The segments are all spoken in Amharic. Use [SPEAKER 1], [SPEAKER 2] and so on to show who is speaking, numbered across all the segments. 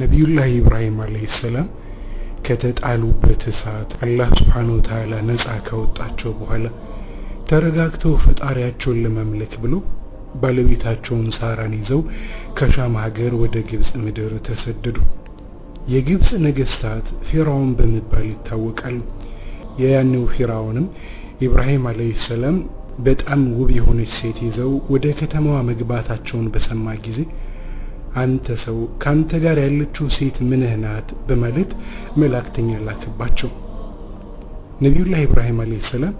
[SPEAKER 1] ነቢዩላህ ኢብራሂም አለይሂ ሰላም ከተጣሉበት እሳት አላህ ሱብሓነሁ ወተዓላ ነፃ ካወጣቸው በኋላ ተረጋግተው ፈጣሪያቸውን ለመምለክ ብለው ባለቤታቸውን ሳራን ይዘው ከሻም ሀገር ወደ ግብፅ ምድር ተሰደዱ። የግብፅ ነገስታት ፊራውን በመባል ይታወቃሉ። የያኔው ፊራውንም ኢብራሂም አለይሂ ሰላም በጣም ውብ የሆነች ሴት ይዘው ወደ ከተማዋ መግባታቸውን በሰማ ጊዜ አንተ ሰው ከአንተ ጋር ያለችው ሴት ምንህ ናት? በማለት መልእክተኛ ላክባቸው። ነቢዩላህ ኢብራሂም አለይሂ ሰላም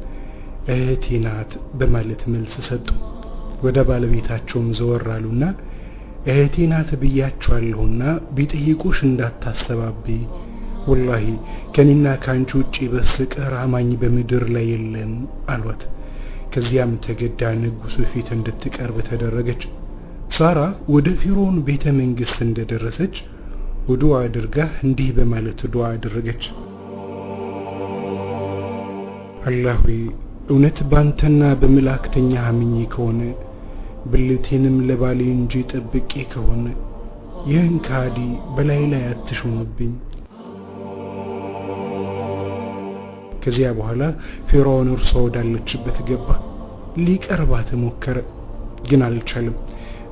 [SPEAKER 1] እህቴ ናት በማለት መልስ ሰጡ። ወደ ባለቤታቸውም ዘወር አሉና እህቴ ናት ብያቸዋለሁና ቢጠይቁሽ እንዳታስተባብይ፣ ወላሂ ከኔና ከአንቺ ውጪ በስተቀር አማኝ በምድር ላይ የለም አሏት። ከዚያም ተገዳ ንጉሱ ፊት እንድትቀርብ ተደረገች። ሳራ ወደ ፊሮን ቤተ መንግስት እንደደረሰች ውዱእ አድርጋ እንዲህ በማለት ዱ አደረገች። አላህ ሆይ እውነት ባንተና በመላእክተኛ አምኜ ከሆነ ብልቴንም ለባሌ እንጂ ጠብቄ ከሆነ ይህን ካዲ በላይ ላይ አትሾምብኝ። ከዚያ በኋላ ፊርዖን እርሷ ወዳለችበት ገባ። ሊቀርባት ሞከረ፣ ግን አልቻለም።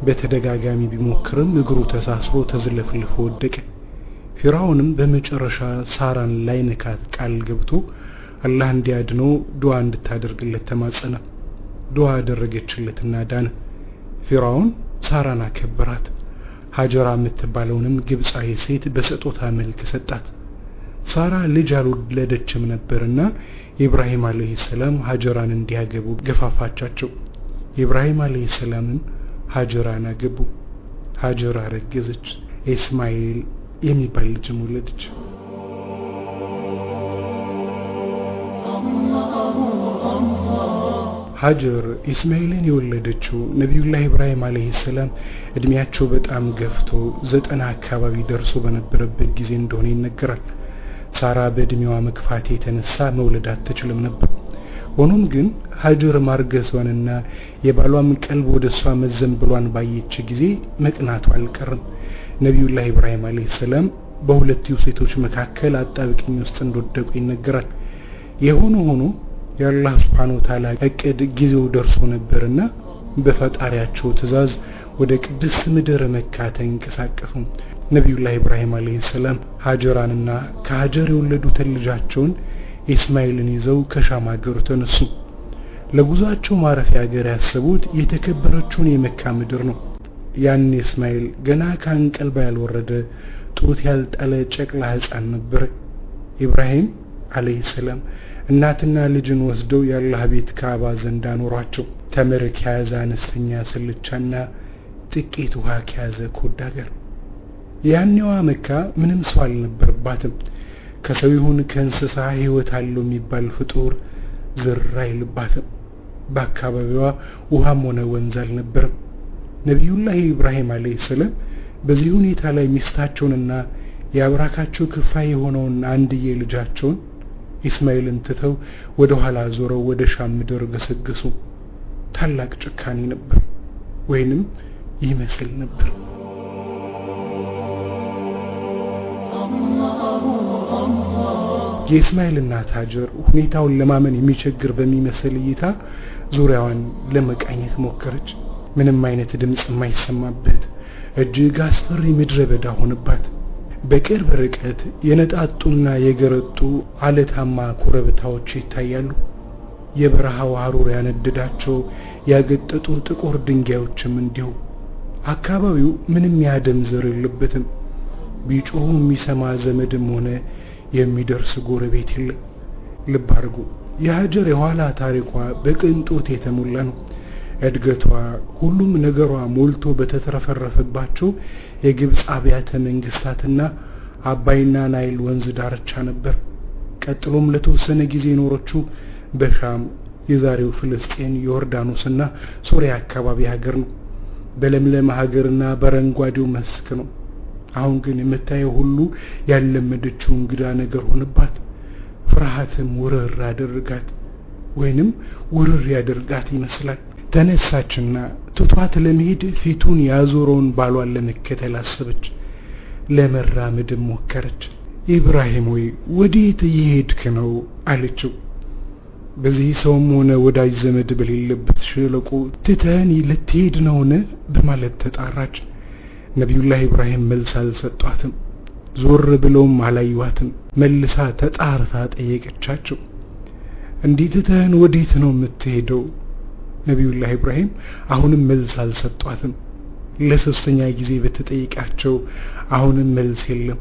[SPEAKER 1] በተደጋጋሚ ቢሞክርም እግሩ ተሳስሮ ተዝለፍልፎ ወደቀ። ፊርዓውንም በመጨረሻ ሳራን ላይነካት ቃል ገብቶ አላህ እንዲያድነው ዱዓ እንድታደርግለት ተማጸነ። ዱዓ አደረገችለትና ዳነ። ፊርዓውን ሳራን አከበራት። ሀጀራ የምትባለውንም ግብፃዊ ሴት በስጦታ መልክ ሰጣት። ሳራ ልጅ አልወለደችም ነበርና ኢብራሂም አለህ ሰላም ሀጀራን እንዲያገቡ ገፋፋቻቸው። ኢብራሂም አለህ ሰላምን ሀጀራን አገቡ። ሀጀራ ረገዘች፣ ኢስማኤል የሚባል ልጅም ወለደች። ሀጀር ኢስማኤልን የወለደችው ነቢዩላህ ኢብራሂም አለህ ሰላም እድሜያቸው በጣም ገፍቶ ዘጠና አካባቢ ደርሶ በነበረበት ጊዜ እንደሆነ ይነገራል። ሳራ በእድሜዋ መግፋት የተነሳ መውለድ አትችልም ነበር። ሆኖም ግን ሀጅር ማርገዟንና የባሏም ቀልብ ወደ እሷ መዘንብሏን ባየች ጊዜ መቅናቱ አልቀርም። ነቢዩላህ ኢብራሂም አለይሂ ሰላም በሁለቱ ሴቶች መካከል አጣብቂኝ ውስጥ እንደወደቁ ይነገራል። የሆነ ሆኖ የአላህ ሱብሓነሁ ወተዓላ እቅድ ጊዜው ደርሶ ነበርና በፈጣሪያቸው ትእዛዝ ወደ ቅድስት ምድር መካ ተንቀሳቀሱ። ነቢዩላህ ኢብራሂም አለይሂ ሰላም ሀጀራንና ከሀጀር የወለዱትን ልጃቸውን ኢስማኤልን ይዘው ከሻም ሀገሩ ተነሱ። ለጉዟቸው ማረፊያ ሀገር ያሰቡት የተከበረችውን የመካ ምድር ነው። ያን ኢስማኤል ገና ከአንቀልባ ያልወረደ ጡት ያልጣለ ጨቅላ ሕፃን ነበር። ኢብራሂም አለይሂ ሰላም እናትና ልጅን ወስደው የአላህ ቤት ካባ ዘንድ አኖሯቸው። ተምር ከያዘ አነስተኛ ስልቻና ጥቂት ውሃ ከያዘ ኮዳ ጋር ያኔዋ መካ ምንም ሰው አልነበረባትም። ከሰው ይሁን ከእንስሳ ሕይወት አለው የሚባል ፍጡር ዝር አይልባትም። በአካባቢዋ ውሃም ሆነ ወንዝ አልነበርም። ነቢዩላህ ኢብራሂም አለይሂ ሰላም በዚህ ሁኔታ ላይ ሚስታቸውንና የአብራካቸው ክፋይ የሆነውን አንድዬ ልጃቸውን ኢስማኤልን ትተው ወደ ኋላ ዞረው ወደ ሻም ምድር ገሰገሱ። ታላቅ ጭካኔ ነበር፣ ወይንም ይመስል ነበር። የእስማኤል እናት ሀጀር ሁኔታውን ለማመን የሚቸግር በሚመስል እይታ ዙሪያዋን ለመቃኘት ሞከረች። ምንም አይነት ድምፅ የማይሰማበት እጅግ አስፈሪ ምድረ በዳ ሆነባት። በቅርብ ርቀት የነጣጡና የገረጡ አለታማ ኮረብታዎች ይታያሉ። የበረሃው ሐሩር ያነደዳቸው ያገጠጡ ጥቁር ድንጋዮችም እንዲሁ። አካባቢው ምንም ያደም ዘር የለበትም። ቢጮሁ የሚሰማ ዘመድም ሆነ የሚደርስ ጎረቤት የለም። ልብ አድርጉ፣ የሀጀር የኋላ ታሪኳ በቅንጦት የተሞላ ነው። እድገቷ፣ ሁሉም ነገሯ ሞልቶ በተትረፈረፈባቸው የግብፅ አብያተ መንግስታትና አባይና ናይል ወንዝ ዳርቻ ነበር። ቀጥሎም ለተወሰነ ጊዜ የኖረችው በሻም የዛሬው ፍልስጤን፣ ዮርዳኖስና ሶሪያ አካባቢ ሀገር ነው። በለምለም ሀገርና በአረንጓዴው መስክ ነው። አሁን ግን የምታየው ሁሉ ያለመደችው እንግዳ ነገር ሆንባት ፍርሃትም ውርር አደርጋት ወይንም ውርር ያደርጋት ይመስላል። ተነሳችና ትቷት ለመሄድ ፊቱን ያዞረውን ባሏን ለመከተል አሰበች። ለመራመድም ሞከረች። ኢብራሂም ወይ ወዴት እየሄድክ ነው አለችው። በዚህ ሰውም ሆነ ወዳጅ ዘመድ በሌለበት ሸለቆ ትተህን ልትሄድ ነውን? በማለት ተጣራች። ነቢዩላህ ኢብራሂም መልስ አልሰጧትም። ዞር ብለውም አላዩዋትም። መልሳ ተጣርታ ጠየቀቻቸው። እንዲህ ትተህን ወዴት ነው የምትሄደው? ነቢዩላህ ኢብራሂም አሁንም መልስ አልሰጧትም። ለሶስተኛ ጊዜ በተጠይቃቸው አሁንም መልስ የለም።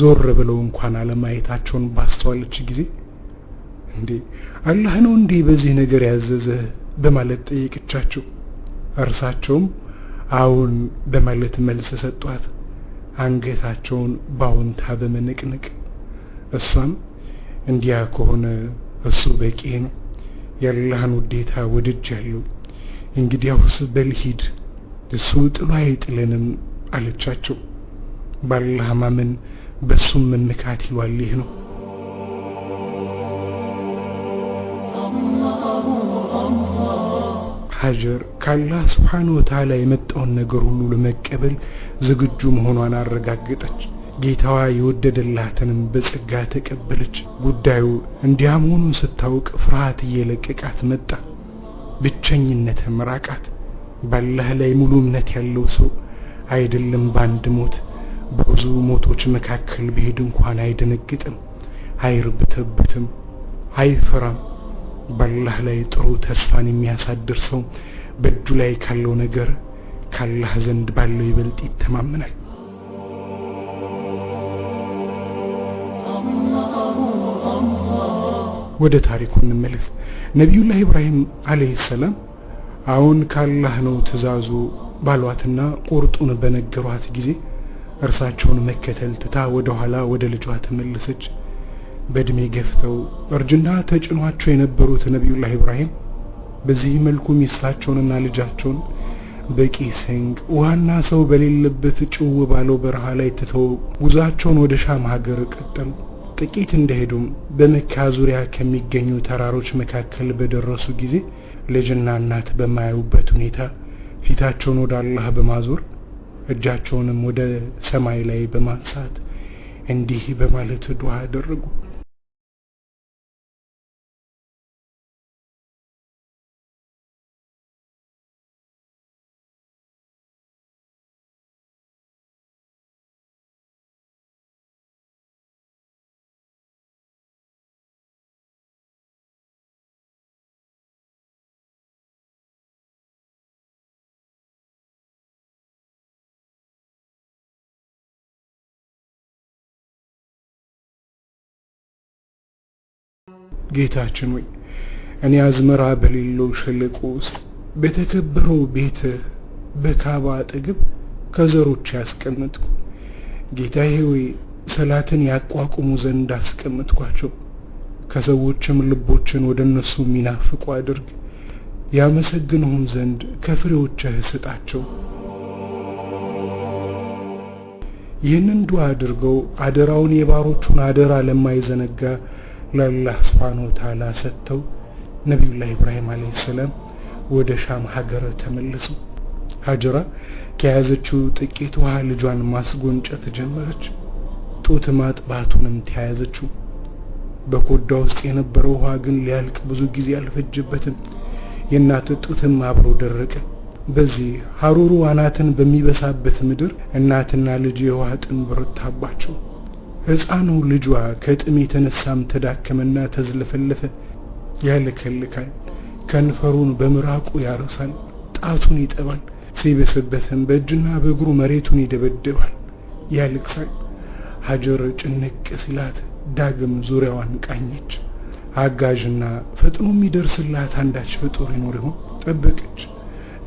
[SPEAKER 1] ዞር ብለው እንኳን አለማየታቸውን ባስተዋለች ጊዜ እንዴ አላህ ነው እንዴ በዚህ ነገር ያዘዘህ በማለት ጠየቀቻቸው። እርሳቸውም አሁን በማለት መልስ ሰጧት፣ አንገታቸውን በአዎንታ በመነቅነቅ እሷም እንዲያ ከሆነ እሱ በቂ ነው የአላህን ውዴታ ወድጃለሁ። እንግዲያውስ በል ሂድ፣ እሱ ጥሎ አይጥለንም አለቻቸው። በአላህ ማመን በሱም መመካት ይዋልህ ነው። ሀጀር ከአላህ ስብሓን ወተዓላ የመጣውን ነገር ሁሉ ለመቀበል ዝግጁ መሆኗን አረጋገጠች። ጌታዋ የወደደላትንም በጸጋ ተቀበለች። ጉዳዩ እንዲያ መሆኑን ስታውቅ ፍርሃት እየለቀቃት መጣ። ብቸኝነት ራቃት። ባላህ ላይ ሙሉ እምነት ያለው ሰው አይደለም በአንድ ሞት በብዙ ሞቶች መካከል ቢሄድ እንኳን አይደነግጥም፣ አይርብተብትም አይፈራም። ባላህ ላይ ጥሩ ተስፋን የሚያሳድር ሰው በእጁ ላይ ካለው ነገር ካላህ ዘንድ ባለው ይበልጥ ይተማመናል። ወደ ታሪኩ እንመለስ። ነቢዩላህ ኢብራሂም አለይሂ ሰላም አሁን ካላህ ነው ትእዛዙ ባሏትና ቁርጡን በነገሯት ጊዜ እርሳቸውን መከተል ትታ ወደ ኋላ ወደ ልጇ ተመለሰች። በእድሜ ገፍተው እርጅና ተጭኗቸው የነበሩት ነቢዩላህ ኢብራሂም በዚህ መልኩ ሚስታቸውንና ልጃቸውን በቂ ስንቅ ውሃና ሰው በሌለበት ጭው ባለው በረሃ ላይ ትተው ጉዟቸውን ወደ ሻም ሀገር ቀጠሉ። ጥቂት እንደሄዱም በመካ ዙሪያ ከሚገኙ ተራሮች መካከል በደረሱ ጊዜ ልጅና እናት በማያዩበት ሁኔታ ፊታቸውን ወደ አላህ በማዞር እጃቸውንም ወደ ሰማይ ላይ በማንሳት እንዲህ በማለት ዱዓ አደረጉ። ጌታችን ሆይ እኔ አዝመራ በሌለው ሸለቆ ውስጥ በተከበረው ቤት በካባ አጠገብ ከዘሮች ያስቀመጥኩ ጌታዬ ሆይ ሰላትን ያቋቁሙ ዘንድ አስቀምጥኳቸው። ከሰዎችም ልቦችን ወደ እነሱ የሚናፍቁ አድርግ። ያመሰግንሁም ዘንድ ከፍሬዎችህ ስጣቸው። ይህንን ዱዓ አድርገው አደራውን የባሮቹን አደራ ለማይዘነጋ ለአላህ ስብሓን ወተዓላ ሰጥተው ነቢዩላህ ኢብራሂም አለይሂ ሰላም ወደ ሻም ሀገር ተመለሱ። ሀጅራ ከያዘችው ጥቂት ውሃ ልጇን ማስጎንጨት ጀመረች። ጡት ማጥባቱንም ተያያዘችው። በኮዳ ውስጥ የነበረው ውሃ ግን ሊያልቅ ብዙ ጊዜ አልፈጀበትም። የእናት ጡትም አብሮ ደረቀ። በዚህ ሀሩሩ አናትን በሚበሳበት ምድር እናትና ልጅ የውሃ ጥም ብርታባቸው። ሕፃኑ ልጇ ከጥም የተነሳም ተዳከመና ተዝለፈለፈ። ያለከልካል። ከንፈሩን በምራቁ ያርሳል፣ ጣቱን ይጠባል። ሲበስበትም በእጅና በእግሩ መሬቱን ይደበድባል፣ ያልቅሳል። ሀጀር ጭንቅ ሲላት ዳግም ዙሪያዋን ቃኘች። አጋዥና ፈጥኖ የሚደርስላት አንዳች ፍጡር ይኖር ይሆን? ጠበቀች፣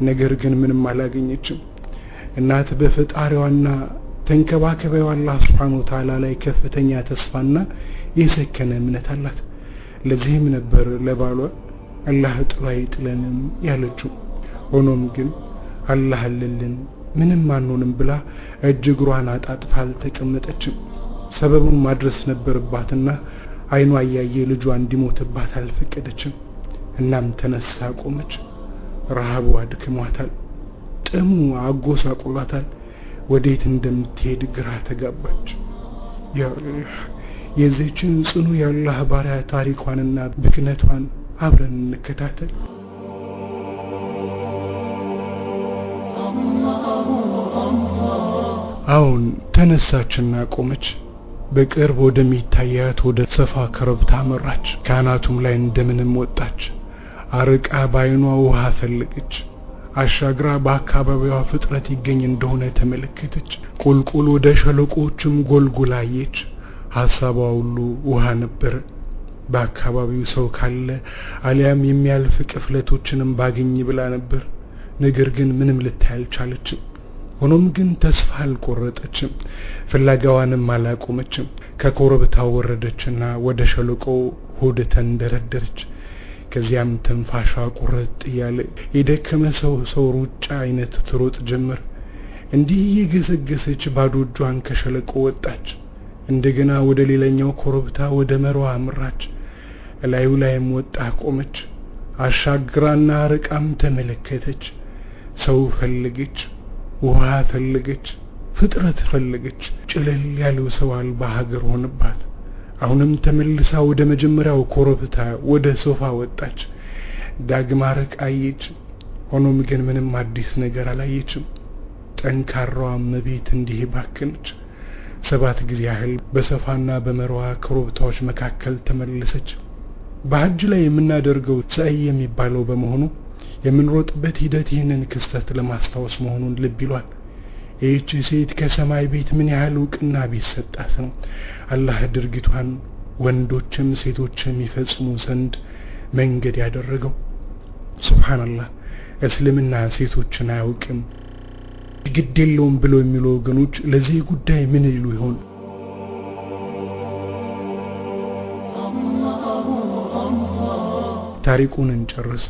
[SPEAKER 1] ነገር ግን ምንም አላገኘችም። እናት በፈጣሪዋና ተንከባከበው አላህ ስብሓን ወተዓላ ላይ ከፍተኛ ተስፋና የሰከነ እምነት አላት። ለዚህም ነበር ለባሏ አላህ ጥሎ አይጥለንም ያለችው። ሆኖም ግን አላህ አለልን ምንም አንሆንም ብላ እጅ እግሯን አጣጥፋ አልተቀመጠችም። ሰበቡን ማድረስ ነበረባትና አይኗ እያየ ልጇ እንዲሞትባት አልፈቀደችም። እናም ተነስታ ቆመች። ረሃቡ አድክሟታል። ጥሙ አጎሳቁሏታል። ወዴት እንደምትሄድ ግራ ተጋባች። የዚህችን ጽኑ የአላህ ባሪያ ታሪኳንና ብክነቷን አብረን እንከታተል። አሁን ተነሳችና ቆመች። በቅርብ ወደሚታያት ወደ ሰፋ ኮረብታ አመራች። ከአናቱም ላይ እንደምንም ወጣች። አርቃ ባይኗ ውሃ ፈለገች። አሻግራ በአካባቢዋ ፍጥረት ይገኝ እንደሆነ ተመለከተች። ቁልቁል ወደ ሸለቆዎችም ጎልጉላየች። ሀሳቧ ሁሉ ውሃ ነበር በአካባቢው ሰው ካለ አሊያም የሚያልፍ ቅፍለቶችንም ባገኝ ብላ ነበር። ነገር ግን ምንም ልታይ አልቻለችም። ሆኖም ግን ተስፋ አልቆረጠችም፣ ፍላጋዋንም አላቆመችም። ከኮረብታው ወረደችና ወደ ሸለቆ ሆድ ተንደረደረች። ከዚያም ትንፋሿ ቁረጥ እያለ የደከመ ሰው ሰው ሩጫ አይነት ትሮጥ ጀመር። እንዲህ እየገሰገሰች ባዶ እጇን ከሸለቆ ወጣች። እንደገና ወደ ሌላኛው ኮረብታ ወደ መሯ አምራች። እላዩ ላይም ወጣ ቆመች። አሻግራና ርቃም ተመለከተች። ሰው ፈለገች፣ ውሃ ፈለገች፣ ፍጥረት ፈለገች። ጭለል ያለው ሰው አልባ ሀገር ሆነባት። አሁንም ተመልሳ ወደ መጀመሪያው ኮረብታ ወደ ሶፋ ወጣች። ዳግማ ርቅ አየች። ሆኖም ግን ምንም አዲስ ነገር አላየችም። ጠንካራዋ እመቤት እንዲህ ባከነች። ሰባት ጊዜ ያህል በሶፋና በመርዋ ኮረብታዎች መካከል ተመለሰች። በሐጅ ላይ የምናደርገው ሰዕይ የሚባለው በመሆኑ የምንሮጥበት ሂደት ይህንን ክስተት ለማስታወስ መሆኑን ልብ ይሏል። ይህች ሴት ከሰማይ ቤት ምን ያህል እውቅና ቢሰጣት ነው አላህ ድርጊቷን ወንዶችም ሴቶችም ይፈጽሙ ዘንድ መንገድ ያደረገው። ሱብሓነላህ እስልምና ሴቶችን አያውቅም ግድ የለውም ብሎ የሚሉ ወገኖች ለዚህ ጉዳይ ምን ይሉ ይሆን? ታሪኩን እንጨርስ።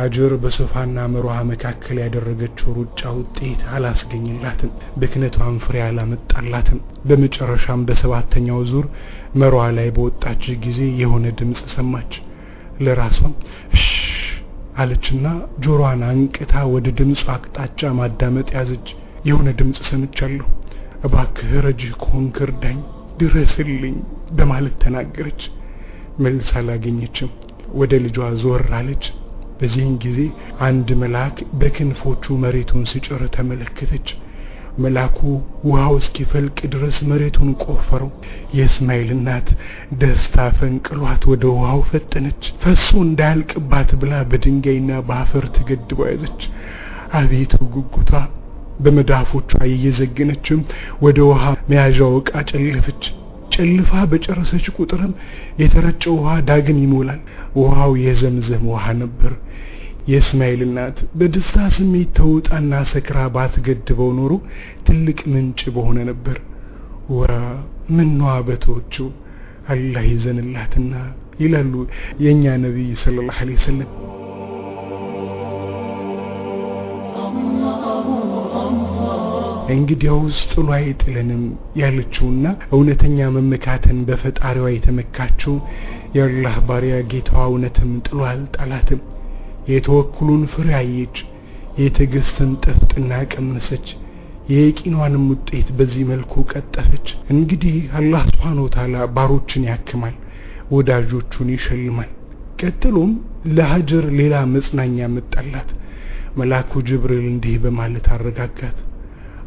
[SPEAKER 1] ሀጀር በሶፋና መሮሃ መካከል ያደረገችው ሩጫ ውጤት አላስገኝላትም። ብክነቷን ፍሬ አላመጣላትም። በመጨረሻም በሰባተኛው ዙር መሮሃ ላይ በወጣች ጊዜ የሆነ ድምፅ ሰማች። ለራሷም እሽ አለችና ጆሮዋን አንቅታ ወደ ድምፁ አቅጣጫ ማዳመጥ ያዘች። የሆነ ድምፅ ሰምቻለሁ፣ እባክህ ረጅህ ከሆንክ እርዳኝ፣ ድረስልኝ በማለት ተናገረች። መልስ አላገኘችም። ወደ ልጇ ዞር አለች። በዚህን ጊዜ አንድ መልአክ በክንፎቹ መሬቱን ሲጭር ተመለከተች። መልአኩ ውሃው እስኪፈልቅ ድረስ መሬቱን ቆፈረው። የእስማኤል እናት ደስታ ፈንቅሏት ወደ ውሃው ፈጠነች። ፈሶ እንዳያልቅባት ብላ በድንጋይና በአፈር ተገድበው ያዘች። አቤቱ ጉጉቷ! በመዳፎቿ እየዘገነችም ወደ ውሃ መያዣው ዕቃ ጨለፈች። ጨልፋ በጨረሰች ቁጥርም የተረጨው ውሃ ዳግም ይሞላል። ውሃው የዘምዘም ውሃ ነበር። የእስማኤል እናት በደስታ ስሜት ተውጣና ሰክራ ባትገድበው ኖሮ ትልቅ ምንጭ በሆነ ነበር። ወራ ምነዋ በተወችው አላህ ይዘንላትና ይላሉ የእኛ ነቢይ ሰለላሁ ዐለይሂ ወሰለም። እንግዲያውስ ጥሎ አይጥለንም ያለችውና እውነተኛ መመካተን በፈጣሪዋ የተመካችው የአላህ ባሪያ ጌታዋ እውነትም ጥሎ አልጣላትም። የተወኩሉን ፍሬ አየች፣ የትዕግስትን ጥፍጥና ቀመሰች፣ የየቂኗንም ውጤት በዚህ መልኩ ቀጠፈች። እንግዲህ አላህ ስብሓን ወተዓላ ባሮችን ያክማል፣ ወዳጆቹን ይሸልማል። ቀጥሎም ለሀጀር ሌላ መጽናኛ መጣላት። መልአኩ ጅብሪል እንዲህ በማለት አረጋጋት።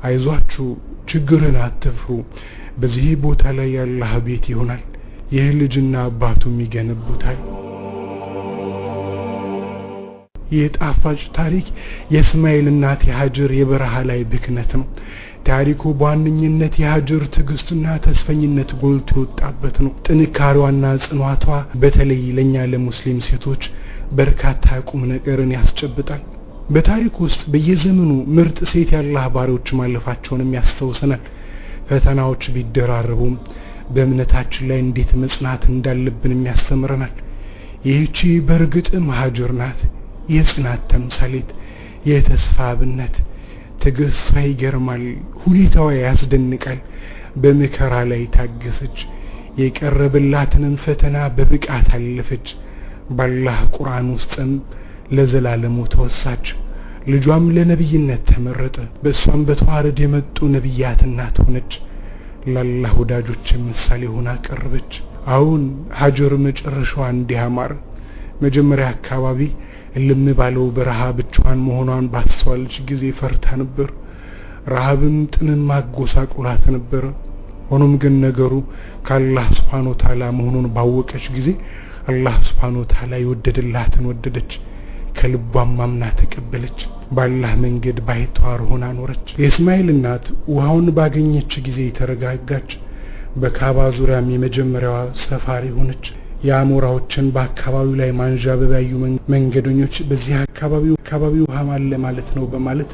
[SPEAKER 1] አይዟችሁ፣ ችግርን አትፍሩ፣ በዚህ ቦታ ላይ ያላህ ቤት ይሆናል፣ ይህ ልጅና አባቱም ይገነቡታል። ይህ ጣፋጭ ታሪክ የእስማኤል እናት የሀጅር የበረሃ ላይ ብክነት ነው። ታሪኩ በዋነኝነት የሀጅር ትዕግስትና ተስፈኝነት ጎልቶ የወጣበት ነው። ጥንካሬዋና ጽኗቷ በተለይ ለእኛ ለሙስሊም ሴቶች በርካታ ቁም ነገርን ያስጨብጣል። በታሪክ ውስጥ በየዘመኑ ምርጥ ሴት ያላህ ባሪዎች ማለፋቸውንም ያስታውሰናል። ፈተናዎች ቢደራረቡም በእምነታችን ላይ እንዴት መጽናት እንዳለብንም ያስተምረናል። ይህቺ በእርግጥም ሀጅር ናት፣ የጽናት ተምሳሌት፣ የተስፋ አብነት። ትዕግስቷ ይገርማል፣ ሁኔታዋ ያስደንቃል። በመከራ ላይ ታገሰች፣ የቀረበላትንም ፈተና በብቃት አለፈች። ባላህ ቁርአን ውስጥም ለዘላለሙ ተወሳች። ልጇም ለነቢይነት ተመረጠ። በእሷም በተዋረድ የመጡ ነቢያት እናት ሆነች። ላላህ ወዳጆች ምሳሌ ሆና ቀረበች። አሁን ሀጀር መጨረሻዋ እንዲህ አማር። መጀመሪያ አካባቢ እልም ባለው በረሃ ብቻዋን መሆኗን ባስተዋለች ጊዜ ፈርታ ነበር። ረሃብም ጥንን ማጎሳቁላት ነበረ። ሆኖም ግን ነገሩ ከአላህ ስብሓን ወታላ መሆኑን ባወቀች ጊዜ አላህ ስብሓን ወታላ የወደደላትን ወደደች። ከልቧም አምና ተቀበለች። ባላህ መንገድ ባይተዋር ሆና ኖረች። የእስማኤል እናት ውሃውን ባገኘች ጊዜ ተረጋጋች። በካባ ዙሪያም የመጀመሪያዋ ሰፋሪ ሆነች። የአሞራዎችን በአካባቢው ላይ ማንዣበብ ያዩ መንገደኞች በዚህ አካባቢ አካባቢ ውሃ ማለ ማለት ነው በማለት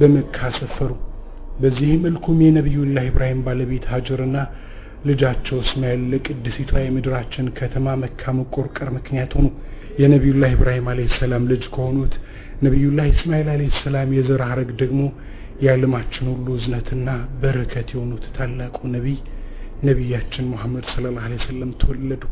[SPEAKER 1] በመካ ሰፈሩ። በዚህ መልኩም የነቢዩላህ ኢብራሂም ባለቤት ሀጀርና ልጃቸው እስማኤል ለቅድሲቷ የምድራችን ከተማ መካ መቆርቀር ምክንያት ሆኑ። የነቢዩላህ ኢብራሂም አለይሂ ሰላም ልጅ ከሆኑት ነቢዩላህ እስማኤል አለይሂ ሰላም የዘር ሐረግ ደግሞ የዓለማችን ሁሉ እዝነትና በረከት የሆኑት ታላቁ ነቢይ ነቢያችን ሙሐመድ ሰለላሁ ዐለይሂ ወሰለም ተወለዱ